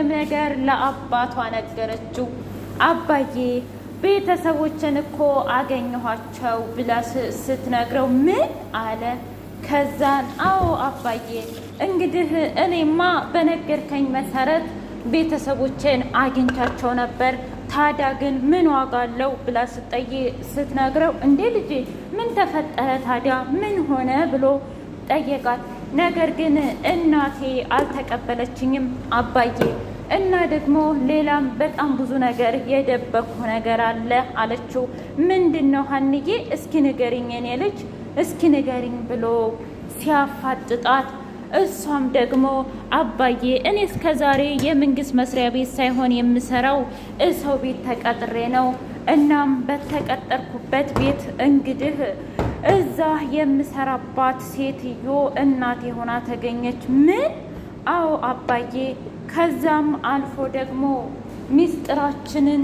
ሁሉንም ነገር ለአባቷ ነገረችው። አባዬ ቤተሰቦችን እኮ አገኘኋቸው ብላ ስትነግረው ምን አለ። ከዛን አዎ አባዬ እንግዲህ እኔማ በነገርከኝ መሰረት ቤተሰቦችን አግኝቻቸው ነበር። ታዲያ ግን ምን ዋጋ አለው ብላ ስጠይ ስትነግረው እንዴ ልጄ ምን ተፈጠረ ታዲያ ምን ሆነ ብሎ ጠየቃት። ነገር ግን እናቴ አልተቀበለችኝም አባዬ እና ደግሞ ሌላም በጣም ብዙ ነገር የደበቅኩ ነገር አለ አለችው። ምንድን ነው ሀንዬ? እስኪ ንገሪኝ የኔ ልጅ እስኪ ንገሪኝ ብሎ ሲያፋጥጣት እሷም ደግሞ አባዬ እኔ እስከ ዛሬ የመንግስት መስሪያ ቤት ሳይሆን የምሰራው እሰው ቤት ተቀጥሬ ነው። እናም በተቀጠርኩበት ቤት እንግዲህ እዛ የምሰራባት ሴትዮ እናቴ ሆና ተገኘች። ምን? አዎ አባዬ ከዛም አልፎ ደግሞ ሚስጥራችንን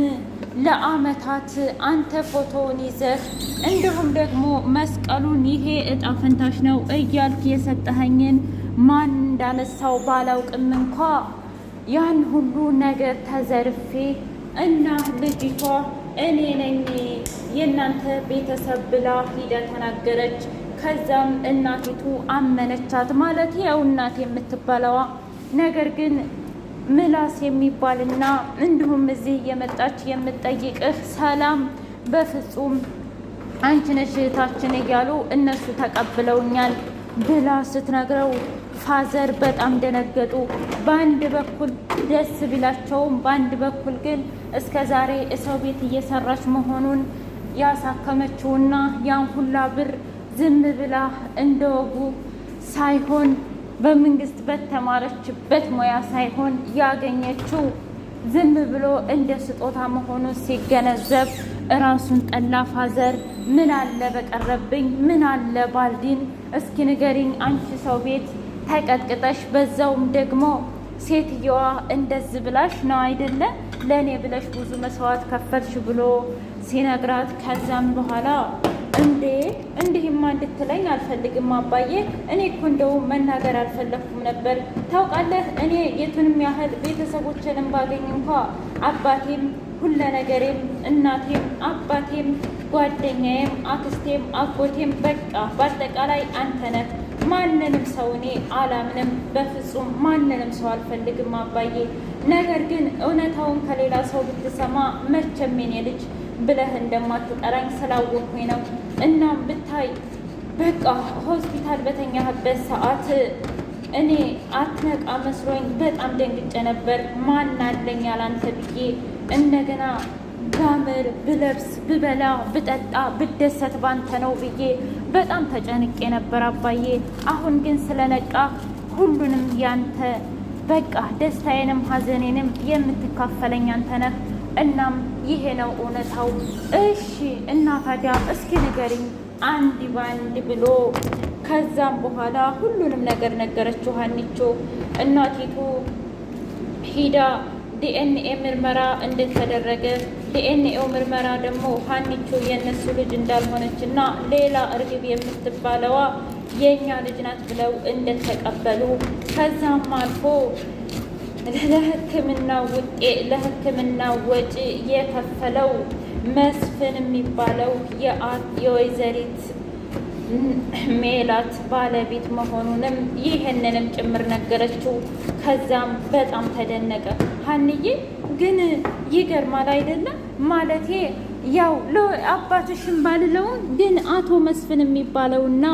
ለአመታት አንተ ፎቶውን ይዘህ እንዲሁም ደግሞ መስቀሉን ይሄ እጣ ፈንታሽ ነው እያልክ የሰጠኸኝን ማን እንዳነሳው ባላውቅም እንኳ ያን ሁሉ ነገር ተዘርፌ እና ልጅቷ እኔ ነኝ የእናንተ ቤተሰብ ብላ ሂደ ተናገረች። ከዛም እናቲቱ አመነቻት ማለት ያው እናት የምትባለዋ ነገር ግን ምላስ የሚባልና እንዲሁም እዚህ እየመጣች የምጠይቅህ ሰላም በፍጹም አንቺ ነሽ እህታችን እያሉ እነሱ ተቀብለውኛል ብላ ስትነግረው ፋዘር በጣም ደነገጡ። በአንድ በኩል ደስ ቢላቸውም፣ በአንድ በኩል ግን እስከ ዛሬ እሰው ቤት እየሰራች መሆኑን ያሳከመችውና ያን ሁላ ብር ዝም ብላ እንደወጉ ሳይሆን በመንግስት በተማረችበት ሙያ ሳይሆን ያገኘችው ዝም ብሎ እንደ ስጦታ መሆኑን ሲገነዘብ እራሱን ጠላ። ፋዘር ምን አለ በቀረብኝ፣ ምን አለ ባልዲን፣ እስኪ ንገሪኝ አንቺ ሰው ቤት ተቀጥቅጠሽ፣ በዛውም ደግሞ ሴትየዋ እንደዚህ ብላሽ ነው አይደለ ለእኔ ብለሽ ብዙ መስዋዕት ከፈልሽ ብሎ ሲነግራት ከዛም በኋላ እንዴ እንዲህማ እንድትለኝ አልፈልግም አባዬ። እኔ እኮ እንደውም መናገር አልፈለግኩም ነበር። ታውቃለህ፣ እኔ የቱንም ያህል ቤተሰቦችንም ባገኝ እንኳ አባቴም፣ ሁለ ነገሬም፣ እናቴም፣ አባቴም፣ ጓደኛዬም፣ አክስቴም፣ አጎቴም በቃ በአጠቃላይ አንተ ነህ። ማንንም ሰው እኔ አላምንም፣ በፍጹም ማንንም ሰው አልፈልግም አባዬ። ነገር ግን እውነታውን ከሌላ ሰው ብትሰማ መቼም የኔ ልጅ ብለህ እንደማትጠራኝ ስላወቅኩኝ ነው። እናም ብታይ በቃ ሆስፒታል በተኛህበት ሰዓት እኔ አትነቃ መስሎኝ በጣም ደንግጬ ነበር። ማን አለኝ ያላንተ ብዬ እንደገና ጋምር ብለብስ ብበላ ብጠጣ ብደሰት ባንተ ነው ብዬ በጣም ተጨንቄ ነበር አባዬ። አሁን ግን ስለነቃ ሁሉንም ያንተ በቃ ደስታዬንም ሐዘኔንም የምትካፈለኝ አንተ ነህ። እናም ይሄ ነው እውነታው። እሺ እና ታዲያ እስኪ ንገሪኝ አንድ ባንድ ብሎ ከዛም በኋላ ሁሉንም ነገር ነገረችው ሀኒቾ። እናቲቱ ሂዳ ዲኤንኤ ምርመራ እንደተደረገ ዲኤንኤው ምርመራ ደግሞ ሀኒቾ የእነሱ ልጅ እንዳልሆነች እና ሌላ እርግብ የምትባለዋ የእኛ ልጅ ናት ብለው እንደተቀበሉ ከዛም አልፎ ለህክምና ውጤ ለህክምና ወጪ የከፈለው መስፍን የሚባለው የወይዘሪት ሜላት ባለቤት መሆኑንም ይህንንም ጭምር ነገረችው። ከዛም በጣም ተደነቀ። ሀንዬ ግን ይገርማል አይደለም ማለቴ ያው አባትሽን ባልለውን ግን አቶ መስፍን የሚባለውና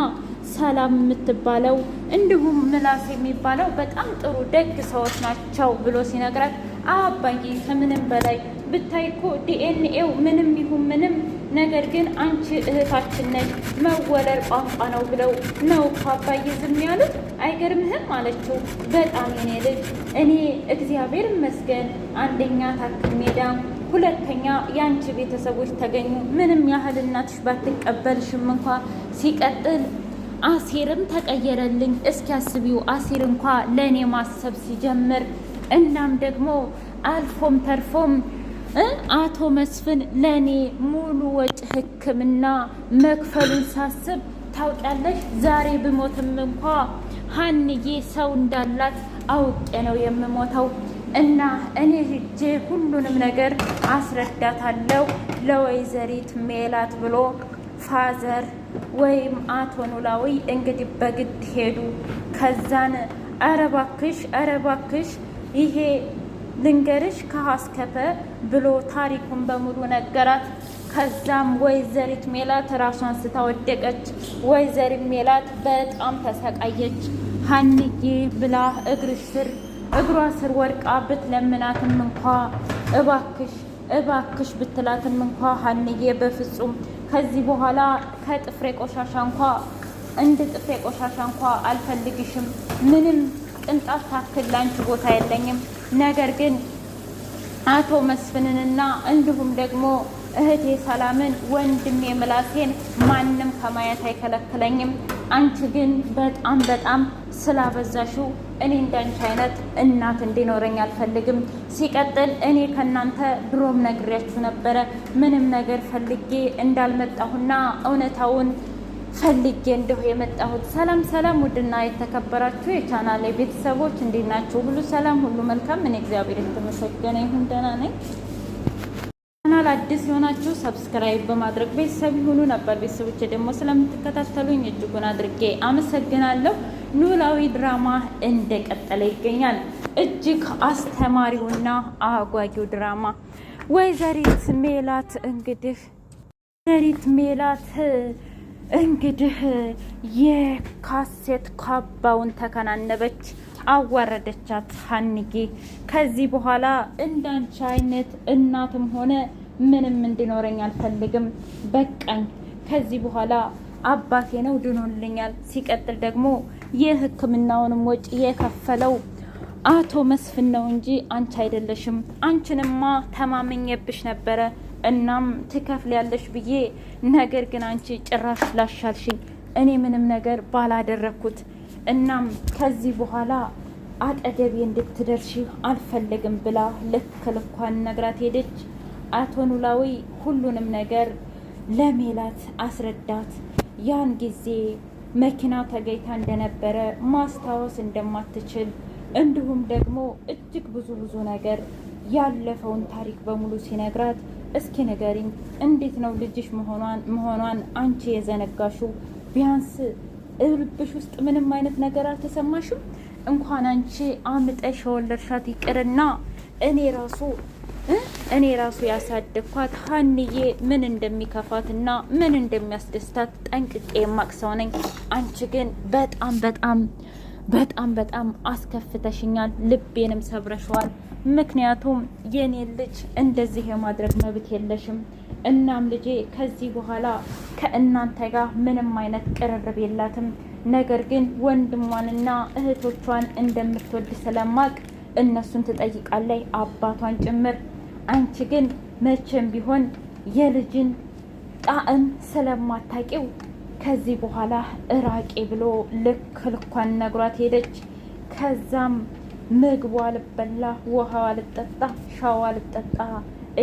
ሰላም የምትባለው እንዲሁም ምላስ የሚባለው በጣም ጥሩ ደግ ሰዎች ናቸው ብሎ ሲነግራት አባዬ ከምንም በላይ ብታይ እኮ ዲኤንኤው ምንም ይሁን ምንም ነገር ግን አንቺ እህታችን ነች መወለድ ቋንቋ ነው ብለው ነው አባዬ ዝም ያሉት አይገርምህም? አለችው። በጣም የኔ ልጅ እኔ እግዚአብሔር ይመስገን አንደኛ ታክል ሜዳ ሁለተኛ የአንቺ ቤተሰቦች ተገኙ። ምንም ያህል እናትሽ ባትቀበልሽም እንኳ ሲቀጥል አሲርም ተቀየረልኝ። እስኪ አስቢው አሲር እንኳ ለእኔ ማሰብ ሲጀምር እናም ደግሞ አልፎም ተርፎም አቶ መስፍን ለእኔ ሙሉ ወጪ ሕክምና መክፈሉን ሳስብ ታውቂያለሽ፣ ዛሬ ብሞትም እንኳ ሀንዬ ሰው እንዳላት አውቄ ነው የምሞተው እና እኔ ሂጄ ሁሉንም ነገር አስረዳታለሁ ለወይዘሪት ሜላት ብሎ ፋዘር ወይም አቶ ኖላዊ እንግዲህ በግድ ሄዱ። ከዛን አረባክሽ አረባክሽ ይሄ ልንገርሽ ከሀስከፈ ብሎ ታሪኩን በሙሉ ነገራት። ከዛም ወይዘሪት ሜላት ራሷን ስታወደቀች፣ ወይዘሪ ሜላት በጣም ተሰቃየች። ሀንዬ ብላ እግር ስር እግሯ ስር ወድቃ ብትለምናትም እንኳ እባክሽ እባክሽ ብትላትም እንኳ ሀንዬ በፍጹም ከዚህ በኋላ ከጥፍሬ ቆሻሻ እንኳ እንደ ጥፍሬ ቆሻሻ እንኳ አልፈልግሽም። ምንም ቅንጣት ታክል ላንቺ ቦታ የለኝም። ነገር ግን አቶ መስፍንንና እንዲሁም ደግሞ እህቴ ሰላምን፣ ወንድሜ ምላሴን ማንም ከማየት አይከለክለኝም። አንቺ ግን በጣም በጣም ስላበዛሽው እኔ እንዳንቺ አይነት እናት እንዲኖረኝ አልፈልግም። ሲቀጥል እኔ ከእናንተ ድሮም ነግሬያችሁ ነበረ ምንም ነገር ፈልጌ እንዳልመጣሁና እውነታውን ፈልጌ እንደሁ የመጣሁት። ሰላም ሰላም! ውድና የተከበራችሁ የቻናል ቤተሰቦች እንዴት ናችሁ? ሁሉ ሰላም፣ ሁሉ መልካም። እኔ እግዚአብሔር የተመሰገነ ይሁን ደህና ነኝ። ቻናል አዲስ የሆናችሁ ሰብስክራይብ በማድረግ ቤተሰብ ይሁኑ። ነበር ቤተሰቦች ደግሞ ስለምትከታተሉኝ እጅጉን አድርጌ አመሰግናለሁ። ኖላዊ ድራማ እንደቀጠለ ይገኛል። እጅግ አስተማሪውና አጓጊው ድራማ ወይዘሪት ሜላት እንግዲህ ወይዘሪት ሜላት እንግዲህ የካሴት ካባውን ተከናነበች፣ አዋረደቻት ሀንጌ። ከዚህ በኋላ እንዳንቺ አይነት እናትም ሆነ ምንም እንዲኖረኝ አልፈልግም፣ በቃኝ ከዚህ በኋላ አባቴ ነው ድኖልኛል። ሲቀጥል ደግሞ የሕክምናውንም ወጪ የከፈለው አቶ መስፍን ነው እንጂ አንቺ አይደለሽም። አንቺንማ ተማመኘብሽ ነበረ። እናም ያለሽ ብዬ ነገር ግን አንቺ ጭራሽ ላሻልሽኝ። እኔ ምንም ነገር ባላደረግኩት። እናም ከዚህ በኋላ አጠገቤ እንድትደርሺ አልፈለግም ብላ ልክ ልኳን ነግራት ሄደች። አቶ ኖላዊ ሁሉንም ነገር ለሜላት አስረዳት። ያን ጊዜ መኪና ተገኝታ እንደነበረ ማስታወስ እንደማትችል እንዲሁም ደግሞ እጅግ ብዙ ብዙ ነገር ያለፈውን ታሪክ በሙሉ ሲነግራት እስኪ ንገሪኝ፣ እንዴት ነው ልጅሽ መሆኗን አንቺ የዘነጋሽው? ቢያንስ እልብሽ ውስጥ ምንም አይነት ነገር አልተሰማሽም? እንኳን አንቺ አምጠሽ የወለድሻት ይቅርና እኔ ራሱ እኔ ራሱ ያሳደግኳት ሀንዬ ምን እና ምን እንደሚያስደስታት ጠንቅቄ የማቅ ሰው ነኝ። አንቺ ግን በጣም በጣም በጣም በጣም አስከፍተሽኛል፣ ልቤንም ሰብረሸዋል። ምክንያቱም የኔ ልጅ እንደዚህ የማድረግ መብት የለሽም። እናም ልጄ ከዚህ በኋላ ከእናንተ ጋር ምንም አይነት ቅርርብ የላትም። ነገር ግን ወንድሟንና እህቶቿን እንደምትወድ ስለማቅ እነሱን ትጠይቃለች፣ አባቷን ጭምር አንቺ ግን መቼም ቢሆን የልጅን ጣዕም ስለማታቂው ከዚህ በኋላ እራቂ ብሎ ልክ ልኳን ነግሯት ሄደች። ከዛም ምግቧ አልበላ፣ ውሃዋ አልጠጣ፣ ሻዋ አልጠጣ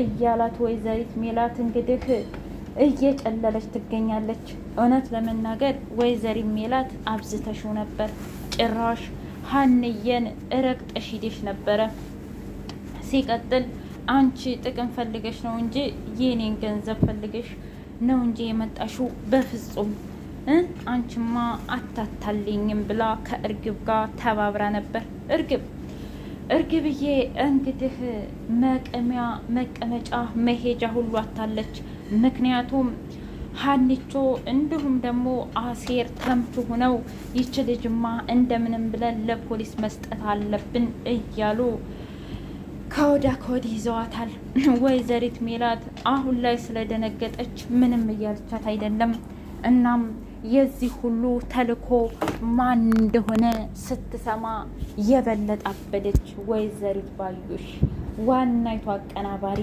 እያላት ወይዘሪት ሜላት እንግዲህ እየጨለለች ትገኛለች። እውነት ለመናገር ወይዘሪት ሜላት አብዝተሽው ነበር። ጭራሽ ሀንየን እረግጠሽ ሂደሽ ነበረ ሲቀጥል አንቺ ጥቅም ፈልገሽ ነው እንጂ የኔን ገንዘብ ፈልገሽ ነው እንጂ የመጣሽው በፍጹም አንቺማ አታታልኝም ብላ ከእርግብ ጋር ተባብራ ነበር። እርግብ እርግብዬ እንግዲህ መቀሚያ መቀመጫ መሄጃ ሁሉ አታለች። ምክንያቱም ሀኒቾ እንዲሁም ደግሞ አሴር ተምቹ ሁነው ይች ልጅማ እንደምንም ብለን ለፖሊስ መስጠት አለብን እያሉ ከወዳ ከወዲህ ይዘዋታል። ወይዘሪት ሜላት አሁን ላይ ስለደነገጠች ምንም እያልቻት አይደለም። እናም የዚህ ሁሉ ተልኮ ማን እንደሆነ ስትሰማ የበለጠ አበደች። ወይዘሪት ባዩሽ ዋናይቷ አቀናባሪ፣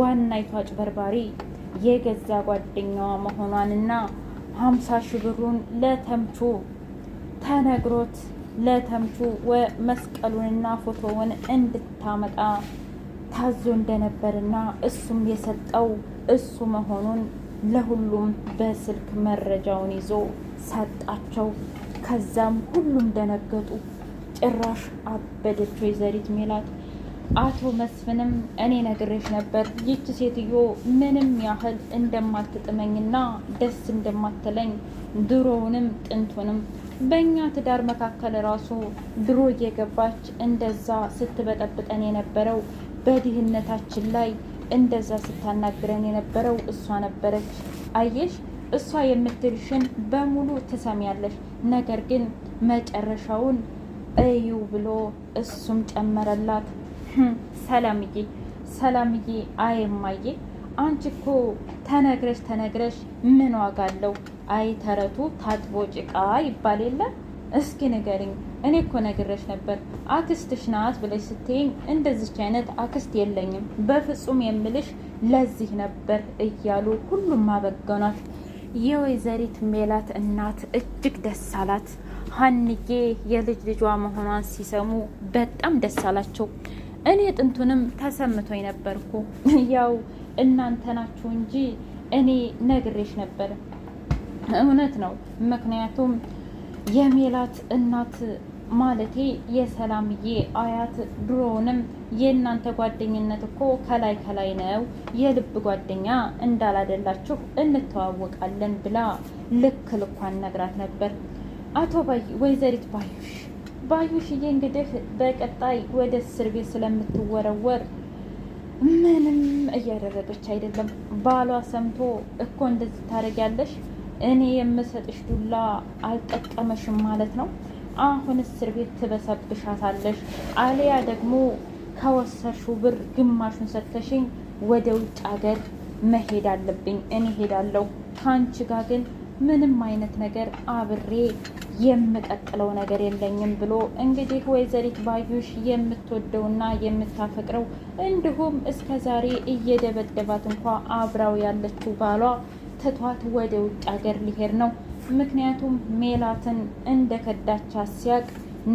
ዋናይቷ አጭበርባሪ የገዛ ጓደኛዋ መሆኗንና ሀምሳ ሺህ ብሩን ለተምቹ ተነግሮት ለተምቹ መስቀሉንና ፎቶውን እንድታመጣ ታዞ እንደነበርና እሱም የሰጠው እሱ መሆኑን ለሁሉም በስልክ መረጃውን ይዞ ሰጣቸው። ከዛም ሁሉም ደነገጡ። ጭራሽ አበደች ወይዘሪት ሜላት። አቶ መስፍንም እኔ ነግሬሽ ነበር ይቺ ሴትዮ ምንም ያህል እንደማትጥመኝና ደስ እንደማትለኝ ድሮውንም ጥንቱንም በእኛ ትዳር መካከል ራሱ ድሮ እየገባች እንደዛ ስትበጠብጠን የነበረው በድህነታችን ላይ እንደዛ ስታናግረን የነበረው እሷ ነበረች። አየሽ እሷ የምትልሽን በሙሉ ትሰሚያለሽ፣ ነገር ግን መጨረሻውን እዩ ብሎ እሱም ጨመረላት። ሰላምዬ ሰላምዬ፣ አይ እማዬ፣ አንቺ እኮ ተነግረሽ ተነግረሽ ምን ዋጋ አለው አይ ተረቱ ታጥቦ ጭቃ ይባል የለ? እስኪ ንገሪኝ። እኔ እኮ ነግሬሽ ነበር አክስትሽ ናት ብለሽ ስትይኝ እንደዚች አይነት አክስት የለኝም በፍጹም የምልሽ ለዚህ ነበር እያሉ ሁሉም አበገኗት። የወይዘሪት ሜላት እናት እጅግ ደስ አላት። ሀንዬ የልጅ ልጇ መሆኗን ሲሰሙ በጣም ደስ አላቸው። እኔ ጥንቱንም ተሰምቶኝ ነበርኩ ያው እናንተ ናችሁ እንጂ እኔ ነግሬሽ ነበር እውነት ነው። ምክንያቱም የሜላት እናት ማለቴ የሰላምዬ አያት ድሮውንም የእናንተ ጓደኝነት እኮ ከላይ ከላይ ነው፣ የልብ ጓደኛ እንዳላደላችሁ እንተዋወቃለን ብላ ልክ ልኳን ነግራት ነበር። አቶ ባይ ወይዘሪት ባዩሽ ባዩሽዬ እንግዲህ በቀጣይ ወደ እስር ቤት ስለምትወረወር ምንም እያደረገች አይደለም። ባሏ ሰምቶ እኮ እንደዚህ ታደርጊያለሽ እኔ የምሰጥሽ ዱላ አልጠቀመሽም ማለት ነው። አሁን እስር ቤት ትበሰብሻታለሽ፣ አሊያ ደግሞ ከወሰድሽው ብር ግማሹን ሰጥተሽኝ ወደ ውጭ ሀገር መሄድ አለብኝ። እኔ ሄዳለሁ። ከአንቺ ጋር ግን ምንም አይነት ነገር አብሬ የምቀጥለው ነገር የለኝም ብሎ እንግዲህ ወይዘሪት ባዩሽ የምትወደውና የምታፈቅረው እንዲሁም እስከ ዛሬ እየደበደባት እንኳ አብራው ያለችው ባሏ ትቷት ወደ ውጭ ሀገር ሊሄድ ነው። ምክንያቱም ሜላትን እንደ ከዳቻት ሲያቅ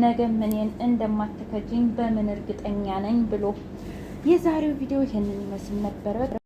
ነገ ምኔን እንደማትከጅኝ በምን እርግጠኛ ነኝ ብሎ የዛሬው ቪዲዮ ይህንን ይመስል ነበረ።